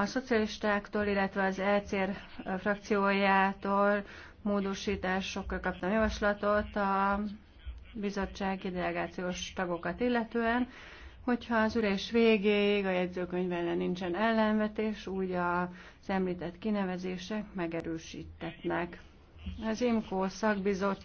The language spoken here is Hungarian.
A szocialistáktól, illetve az ECR frakciójától módosításokkal kaptam javaslatot a bizottsági delegációs tagokat illetően, hogyha az ülés végéig a jegyzőkönyv ellen nincsen ellenvetés, úgy az említett kinevezések megerősítetnek. Az IMCO szakbizottság